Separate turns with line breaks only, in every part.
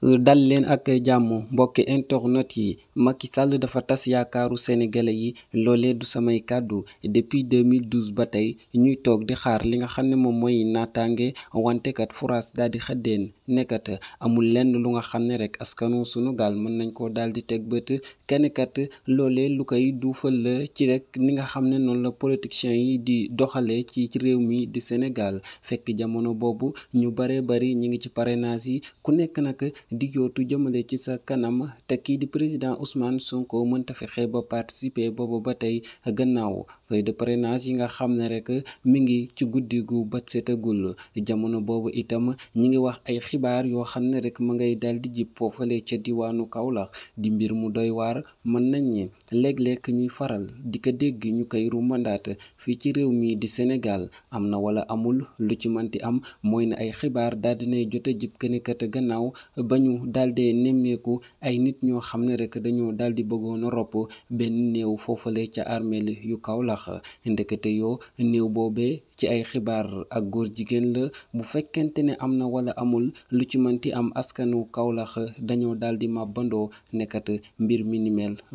dal leen ak jàmm mbokki internet yi Macky Sall dafa tas yaakaaru seeni sénégalais yi loole du samay kàddu depuis 2012 ba tey ñuy toog di xaar li nga xam ne moom mooy naataange wantekat France daal di xëddeen nekkat amul lenn lu nga xam ne rek askanu sunu gaal mën nañ koo daal di teg bët kennkat loole lu koy duufal la ci rekk ni nga xam ne noonu la politiciens yi di doxalee ci réew mi di senegal fekk jamono boobu ñu bare bari ñu ngi ci parrainage yi ku nekk nag di yootu jëmale ci sa kanam te kii di président Ousmane Sonko mënta fexe ba participer boobu ba tey gannaaw feuille de parrainage yi nga xam ne rek mu ngi ci guddi gu bët setagul jamono boobu itam ñi ngi wax ay xibaar yoo xam ne rek mu ngay dal di jib foofale ca diwaanu Kaolack di mbir mu doy waar mën nañ ñi léeg ñuy faral di ko dégg ñu koy rumandaat fii ci réew mii di Sénégal am na wala amul lu ci mënti am mooy ne ay xibaar daal dinay jot a jib kënekat gannaaw ba ba ñu daal di nemmeeku ay nit ñoo xam ne rekk dañoo daal di bëggoon a ropp benn néew foofale ca armeel yu Kaolack ndekete yoo néew boobee ci ay xibaar ak góor jigéen la bu fekkente ne am na wala amul lu ci mënti am askanu kawlax dañoo daal di màbbandoo nekkat mbir mi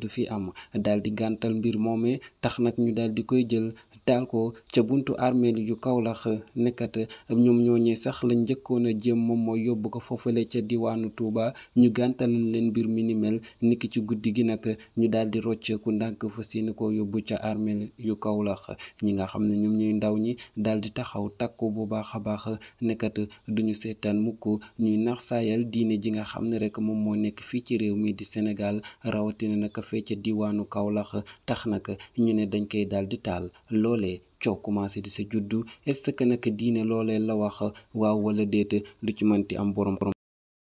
du fi am daldi gantal mbir moomee tax nag ñu daal di koy jël taal ko ca buntu armeel yu Kaolack nekkat ñoom ñooñee sax lañ njëkkoon a jéem moom mooy yóbbu ko foofale ca diwaanu diwaanu Touba ñu gàntaloon leen mbir mi ni mel niki ci guddi gi nag ñu daal di rocceeku ndànk fas yéene koo yóbbu ca armeel yu Kaolack ñi nga xam ne ñoom ñuy ndaw ñi daal di taxaw takku bu baax a baax nekkat duñu seetaan mukk ñuy nax saayal diine ji nga xam ne rek moom moo nekk fii ci réew mi di senegal rawatina nag fee ca diwaanu Kaolack tax nag ñu ne dañ koy daal di taal loolee coow commencé di sa juddu est-ce que nag diine loolee la wax waaw wala déet lu ci mënti